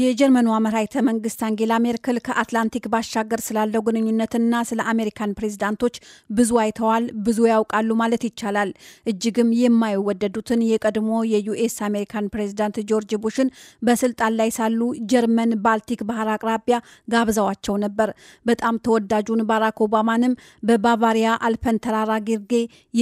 የጀርመኗ መራሒተ መንግስት አንጌላ ሜርክል ከአትላንቲክ ባሻገር ስላለው ግንኙነትና ስለ አሜሪካን ፕሬዝዳንቶች ብዙ አይተዋል፣ ብዙ ያውቃሉ ማለት ይቻላል። እጅግም የማይወደዱትን የቀድሞ የዩኤስ አሜሪካን ፕሬዝዳንት ጆርጅ ቡሽን በስልጣን ላይ ሳሉ ጀርመን ባልቲክ ባህር አቅራቢያ ጋብዘዋቸው ነበር። በጣም ተወዳጁን ባራክ ኦባማንም በባቫሪያ አልፐን ተራራ ግርጌ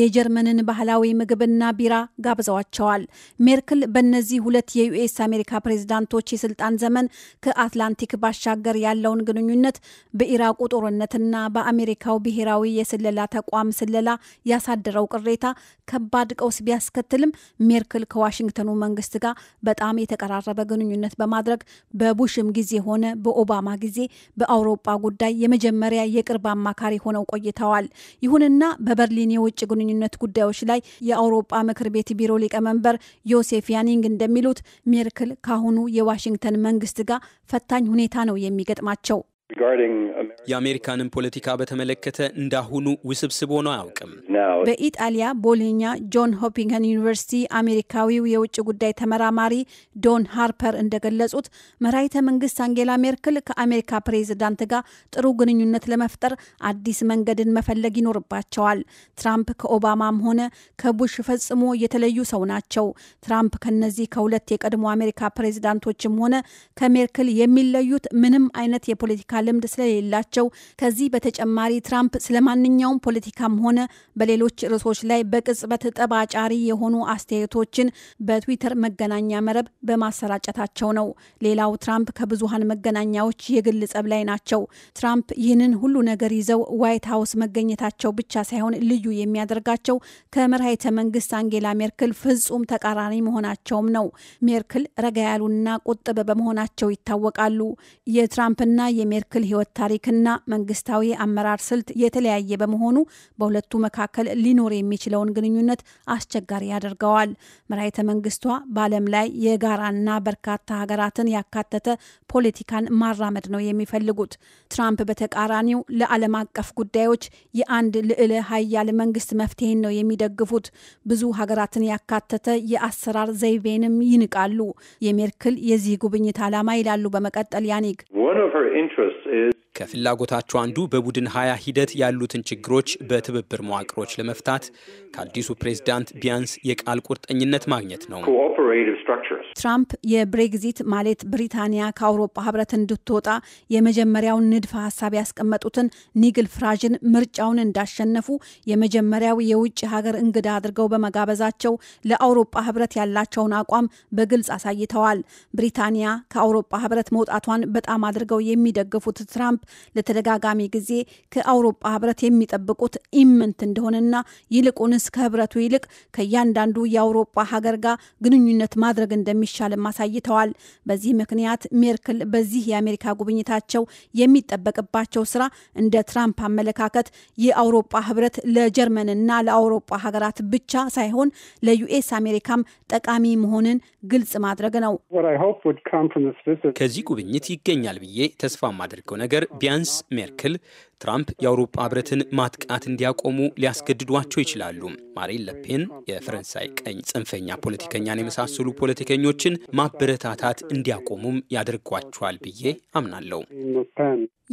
የጀርመንን ባህላዊ ምግብና ቢራ ጋብዘዋቸዋል። ሜርክል በእነዚህ ሁለት የዩኤስ አሜሪካ ፕሬዝዳንቶች የስልጣን ዘመን ከአትላንቲክ ባሻገር ያለውን ግንኙነት በኢራቁ ጦርነትና በአሜሪካው ብሔራዊ የስለላ ተቋም ስለላ ያሳደረው ቅሬታ ከባድ ቀውስ ቢያስከትልም ሜርክል ከዋሽንግተኑ መንግስት ጋር በጣም የተቀራረበ ግንኙነት በማድረግ በቡሽም ጊዜ ሆነ በኦባማ ጊዜ በአውሮፓ ጉዳይ የመጀመሪያ የቅርብ አማካሪ ሆነው ቆይተዋል። ይሁንና በበርሊን የውጭ ግንኙነት ጉዳዮች ላይ የአውሮፓ ምክር ቤት ቢሮ ሊቀመንበር ዮሴፍ ያኒንግ እንደሚሉት ሜርክል ካሁኑ የዋሽንግተን መንግስት ጋር ፈታኝ ሁኔታ ነው የሚገጥማቸው። የአሜሪካንን ፖለቲካ በተመለከተ እንዳሁኑ ውስብስብ ሆኖ አያውቅም። በኢጣሊያ ቦሎኛ ጆን ሆፒንገን ዩኒቨርሲቲ አሜሪካዊው የውጭ ጉዳይ ተመራማሪ ዶን ሃርፐር እንደገለጹት መራይተ መንግስት አንጌላ ሜርክል ከአሜሪካ ፕሬዝዳንት ጋር ጥሩ ግንኙነት ለመፍጠር አዲስ መንገድን መፈለግ ይኖርባቸዋል። ትራምፕ ከኦባማም ሆነ ከቡሽ ፈጽሞ የተለዩ ሰው ናቸው። ትራምፕ ከነዚህ ከሁለት የቀድሞ አሜሪካ ፕሬዝዳንቶችም ሆነ ከሜርክል የሚለዩት ምንም አይነት የፖለቲካ ልምድ ስለሌላቸው ናቸው። ከዚህ በተጨማሪ ትራምፕ ስለ ማንኛውም ፖለቲካም ሆነ በሌሎች ርዕሶች ላይ በቅጽበት ጠባጫሪ የሆኑ አስተያየቶችን በትዊተር መገናኛ መረብ በማሰራጨታቸው ነው። ሌላው ትራምፕ ከብዙሃን መገናኛዎች የግል ጸብ ላይ ናቸው። ትራምፕ ይህንን ሁሉ ነገር ይዘው ዋይት ሀውስ መገኘታቸው ብቻ ሳይሆን ልዩ የሚያደርጋቸው ከመርሃይተ መንግስት አንጌላ ሜርክል ፍጹም ተቃራኒ መሆናቸውም ነው። ሜርክል ረጋ ያሉና ቁጥብ በመሆናቸው ይታወቃሉ። የትራምፕና የሜርክል ህይወት ታሪክና የግልና መንግስታዊ አመራር ስልት የተለያየ በመሆኑ በሁለቱ መካከል ሊኖር የሚችለውን ግንኙነት አስቸጋሪ ያደርገዋል። መራሄተ መንግስቷ በዓለም ላይ የጋራና በርካታ ሀገራትን ያካተተ ፖለቲካን ማራመድ ነው የሚፈልጉት። ትራምፕ በተቃራኒው ለዓለም አቀፍ ጉዳዮች የአንድ ልዕለ ሀያል መንግስት መፍትሄን ነው የሚደግፉት። ብዙ ሀገራትን ያካተተ የአሰራር ዘይቤንም ይንቃሉ። የሜርክል የዚህ ጉብኝት ዓላማ ይላሉ በመቀጠል ያኒግ ከፍላጎታቸው አንዱ በቡድን ሀያ ሂደት ያሉትን ችግሮች በትብብር መዋቅሮች ለመፍታት ከአዲሱ ፕሬዝዳንት ቢያንስ የቃል ቁርጠኝነት ማግኘት ነው። ትራምፕ የብሬግዚት ማለት ብሪታንያ ከአውሮፓ ህብረት እንድትወጣ የመጀመሪያውን ንድፈ ሀሳብ ያስቀመጡትን ኒግል ፍራዥን ምርጫውን እንዳሸነፉ የመጀመሪያው የውጭ ሀገር እንግዳ አድርገው በመጋበዛቸው ለአውሮፓ ህብረት ያላቸውን አቋም በግልጽ አሳይተዋል። ብሪታንያ ከአውሮፓ ህብረት መውጣቷን በጣም አድርገው የሚደግፉት ትራምፕ ለተደጋጋሚ ጊዜ ከአውሮፓ ህብረት የሚጠብቁት ኢምንት እንደሆነና ይልቁንስ ከህብረቱ ይልቅ ከእያንዳንዱ የአውሮፓ ሀገር ጋር ግንኙነት ማድረግ እንደሚሻልም አሳይተዋል። በዚህ ምክንያት ሜርክል በዚህ የአሜሪካ ጉብኝታቸው የሚጠበቅባቸው ስራ እንደ ትራምፕ አመለካከት የአውሮፓ ህብረት ለጀርመንና ለአውሮፓ ሀገራት ብቻ ሳይሆን ለዩኤስ አሜሪካም ጠቃሚ መሆንን ግልጽ ማድረግ ነው። ከዚህ ጉብኝት ይገኛል ብዬ ተስፋ ማድርገው ነገር ቢያንስ ሜርክል ትራምፕ የአውሮፓ ህብረትን ማጥቃት እንዲያቆሙ ሊያስገድዷቸው ይችላሉ። ማሪን ለፔን የፈረንሳይ ቀኝ ጽንፈኛ ፖለቲከኛን የመሳሰሉ ፖለቲከኞችን ማበረታታት እንዲያቆሙም ያደርጓቸዋል ብዬ አምናለሁ።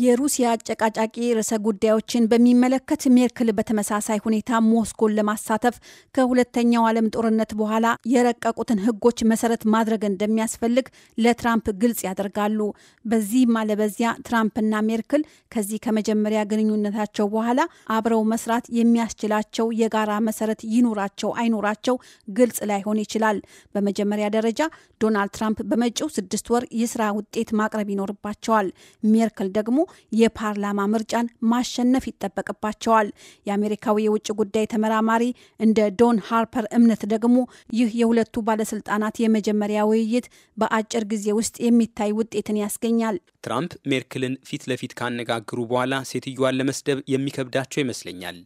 የሩሲያ አጨቃጫቂ ርዕሰ ጉዳዮችን በሚመለከት ሜርክል በተመሳሳይ ሁኔታ ሞስኮን ለማሳተፍ ከሁለተኛው ዓለም ጦርነት በኋላ የረቀቁትን ህጎች መሰረት ማድረግ እንደሚያስፈልግ ለትራምፕ ግልጽ ያደርጋሉ። በዚህም አለበዚያ ትራምፕና ሜርክል ከዚህ ከመጀመሪያ የመጀመሪያ ግንኙነታቸው በኋላ አብረው መስራት የሚያስችላቸው የጋራ መሰረት ይኖራቸው አይኖራቸው ግልጽ ላይሆን ይችላል። በመጀመሪያ ደረጃ ዶናልድ ትራምፕ በመጪው ስድስት ወር የስራ ውጤት ማቅረብ ይኖርባቸዋል። ሜርክል ደግሞ የፓርላማ ምርጫን ማሸነፍ ይጠበቅባቸዋል። የአሜሪካዊ የውጭ ጉዳይ ተመራማሪ እንደ ዶን ሃርፐር እምነት ደግሞ ይህ የሁለቱ ባለስልጣናት የመጀመሪያ ውይይት በአጭር ጊዜ ውስጥ የሚታይ ውጤትን ያስገኛል። ትራምፕ ሜርክልን ፊት ለፊት ካነጋገሩ በኋላ ሴት ሴትዮዋን ለመስደብ የሚከብዳቸው ይመስለኛል።